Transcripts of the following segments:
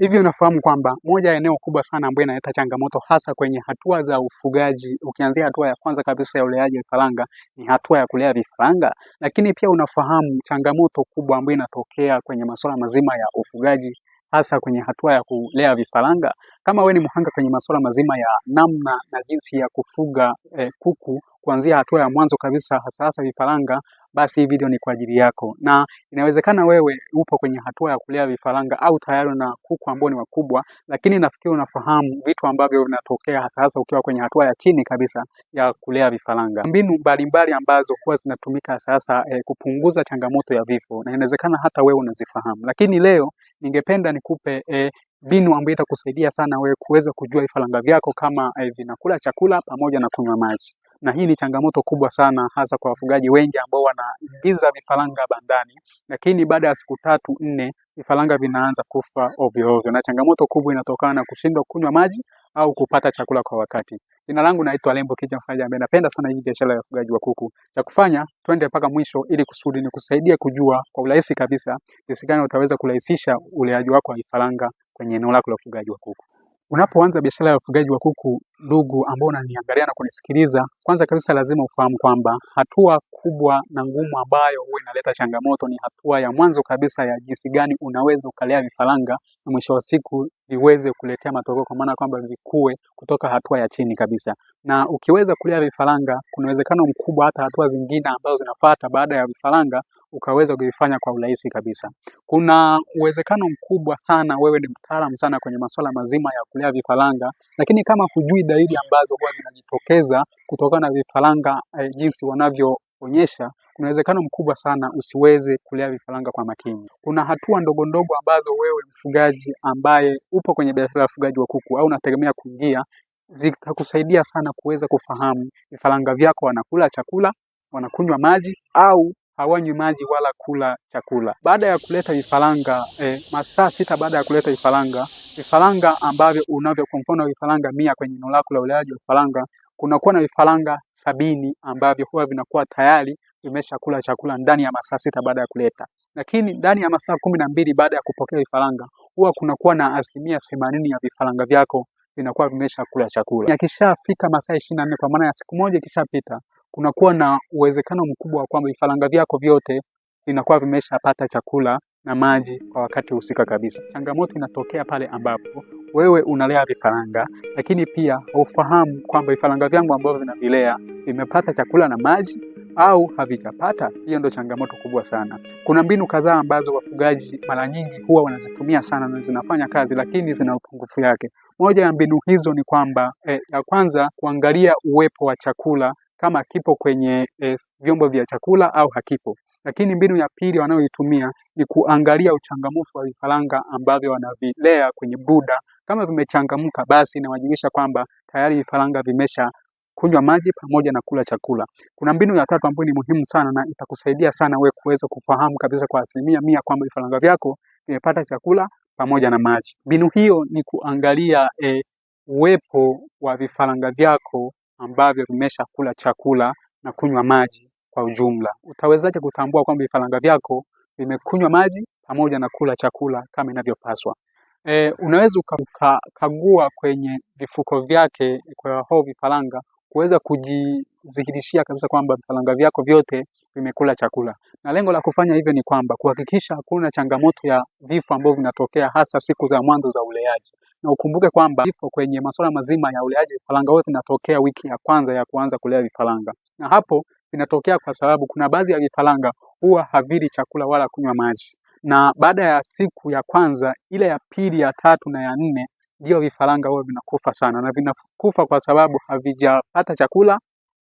Hivyo nafahamu kwamba moja ya eneo kubwa sana ambayo inaleta changamoto hasa kwenye hatua za ufugaji, ukianzia hatua ya kwanza kabisa ya uleaji wa vifaranga ni hatua ya kulea vifaranga, lakini pia unafahamu changamoto kubwa ambayo inatokea kwenye masuala mazima ya ufugaji hasa kwenye hatua ya kulea vifaranga. Kama we ni mhanga kwenye masuala mazima ya namna na jinsi ya kufuga eh, kuku kuanzia hatua ya mwanzo kabisa, hasa hasa vifaranga basi hii video ni kwa ajili yako. Na inawezekana wewe upo kwenye hatua ya kulea vifaranga au tayari una kuku ambao ni wakubwa, lakini nafikiri unafahamu vitu ambavyo vinatokea hasa hasa ukiwa kwenye hatua ya chini kabisa ya kulea vifaranga. Mbinu mbalimbali ambazo huwa zinatumika hasa hasa e, kupunguza changamoto ya vifo, na inawezekana hata wewe unazifahamu, lakini leo ningependa nikupe e, mbinu ambayo itakusaidia sana wewe kuweza kujua vifaranga vyako kama eh, vinakula chakula pamoja na kunywa maji na hii ni changamoto kubwa sana, hasa kwa wafugaji wengi ambao wanaingiza vifaranga bandani, lakini baada ya siku tatu nne vifaranga vinaanza kufa ovyo ovyo, na changamoto kubwa inatokana na kushindwa kunywa maji au kupata chakula kwa wakati. Jina langu naitwa Lembo Kija, mfugaji ambaye napenda sana hii biashara ya ufugaji wa kuku. Cha kufanya twende mpaka mwisho, ili kusudi ni kusaidia kujua kwa urahisi kabisa jinsi gani utaweza kurahisisha uleaji wako wa vifaranga kwenye eneo lako la ufugaji wa kuku. Unapoanza biashara ya ufugaji wa kuku ndugu ambao unaniangalia na kunisikiliza, kwanza kabisa lazima ufahamu kwamba hatua kubwa na ngumu ambayo huwa inaleta changamoto ni hatua ya mwanzo kabisa ya jinsi gani unaweza ukalea vifaranga na mwisho wa siku viweze kuletea matokeo, kwa maana kwamba vikue kutoka hatua ya chini kabisa. Na ukiweza kulea vifaranga, kuna uwezekano mkubwa hata hatua zingine ambazo zinafuata baada ya vifaranga ukaweza kuvifanya kwa urahisi kabisa. Kuna uwezekano mkubwa sana, wewe ni mtaalamu sana kwenye masuala mazima ya kulea vifaranga, lakini kama hujui dalili ambazo huwa zinajitokeza kutokana na vifaranga eh, jinsi wanavyoonyesha kuna uwezekano mkubwa sana usiweze kulea vifaranga kwa makini. Kuna hatua ndogo ndogo ambazo wewe mfugaji ambaye upo kwenye biashara ya ufugaji wa kuku au unategemea kuingia, zitakusaidia sana kuweza kufahamu vifaranga vyako wanakula chakula, wanakunywa maji au hawanywi maji wala kula chakula. Baada ya kuleta vifaranga eh, masaa sita baada ya kuleta vifaranga, vifaranga ambavyo unavyo kwa mfano vifaranga mia kwenye eneo lako la uleaji wa vifaranga, kunakuwa na vifaranga sabini ambavyo huwa vinakuwa tayari vimeshakula chakula ndani ya masaa sita baada ya kuleta. Lakini ndani ya masaa kumi na mbili baada ya kupokea vifaranga huwa kunakuwa na asilimia themanini ya vifaranga vyako vinakuwa vimeshakula chakula. Yakishafika masaa ishirini na nne kwa maana ya siku moja ikishapita kunakuwa na uwezekano mkubwa wa kwamba vifaranga vyako vyote vinakuwa vimeshapata chakula na maji kwa wakati husika kabisa. Changamoto inatokea pale ambapo wewe unalea vifaranga, lakini pia haufahamu kwamba vifaranga vyangu ambavyo vinavilea vimepata chakula na maji au havijapata. Hiyo ndio changamoto kubwa sana. Kuna mbinu kadhaa ambazo wafugaji mara nyingi huwa wanazitumia sana na zinafanya kazi, lakini zina upungufu yake. Moja ya mbinu hizo ni kwamba eh, ya kwanza kuangalia uwepo wa chakula kama kipo kwenye eh, vyombo vya chakula au hakipo. Lakini mbinu ya pili wanayoitumia ni kuangalia uchangamfu wa vifaranga ambavyo wanavilea kwenye bruda. Kama vimechangamka, basi inawajulisha kwamba tayari vifaranga vimesha kunywa maji pamoja na kula chakula. Kuna mbinu ya tatu ambayo ni muhimu sana na itakusaidia sana wewe kuweza kufahamu kabisa kwa asilimia mia kwamba vifaranga vyako vimepata chakula pamoja na maji. Mbinu hiyo ni kuangalia eh, uwepo wa vifaranga vyako ambavyo vimesha kula chakula na kunywa maji kwa ujumla. Utawezaje kutambua kwamba vifaranga vyako vimekunywa maji pamoja na kula chakula kama inavyopaswa? E, unaweza ukakagua kwenye vifuko vyake kwa hao vifaranga kuweza kujizihirishia kabisa kwamba vifaranga vyako vyote vimekula chakula, na lengo la kufanya hivyo ni kwamba kuhakikisha hakuna changamoto ya vifo ambavyo vinatokea hasa siku za mwanzo za uleaji. Na ukumbuke kwamba vifo kwenye masuala mazima ya uleaji vifaranga wote vinatokea wiki ya kwanza ya kuanza kulea vifaranga, na hapo vinatokea kwa sababu kuna baadhi ya vifaranga huwa havili chakula wala kunywa maji, na baada ya siku ya kwanza, ile ya pili, ya tatu na ya nne ndio vifaranga huwa vinakufa sana, na vinakufa kwa sababu havijapata chakula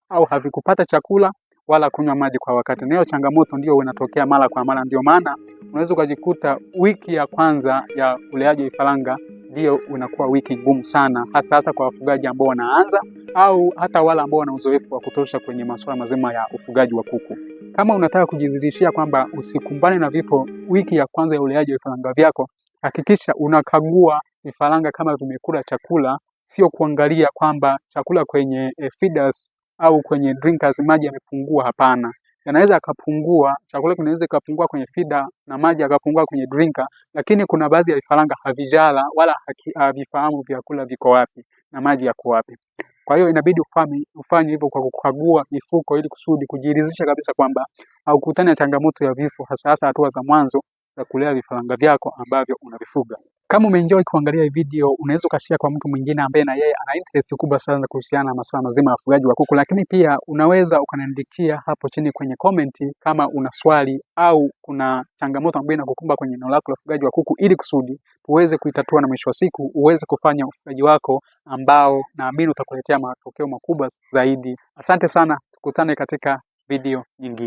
au havikupata chakula wala kunywa maji kwa wakati. Na hiyo changamoto ndio inatokea mara kwa mara, ndio maana unaweza ukajikuta wiki ya kwanza ya uleaji wa vifaranga ndio unakuwa wiki ngumu sana, hasa hasa kwa wafugaji ambao wanaanza au hata wale ambao wana uzoefu wa kutosha kwenye masuala mazima ya ufugaji wa kuku. Kama unataka kujizidishia kwamba usikumbane na vifo wiki ya kwanza ya uleaji wa vifaranga vyako, hakikisha unakagua vifaranga kama vimekula chakula, sio kuangalia kwamba chakula kwenye eh, feeders au kwenye drinkers maji yamepungua. Hapana, yanaweza yakapungua, chakula kinaweza ikapungua kwenye fida na maji yakapungua kwenye drinker, lakini kuna baadhi ya vifaranga havijala wala havifahamu vyakula viko wapi na maji yako wapi. Kwa hiyo inabidi ufanye ufanye hivyo kwa kukagua mifuko ili kusudi kujiridhisha kabisa kwamba haukutani na changamoto ya vifo hasa hasa hatua za mwanzo za kulea vifaranga vyako ambavyo unavifuga. Kama umeenjoy kuangalia hii video, unaweza ukashare kwa mtu mwingine ambaye na yeye ana interest kubwa sana kuhusiana na masuala mazima ya ufugaji wa kuku, lakini pia unaweza ukaniandikia hapo chini kwenye comment kama una swali au kuna changamoto ambayo inakukumba kwenye eneo lako la ufugaji wa kuku, ili kusudi uweze kuitatua na mwisho wa siku uweze kufanya ufugaji wako ambao naamini utakuletea matokeo makubwa zaidi. Asante sana, tukutane katika video nyingine.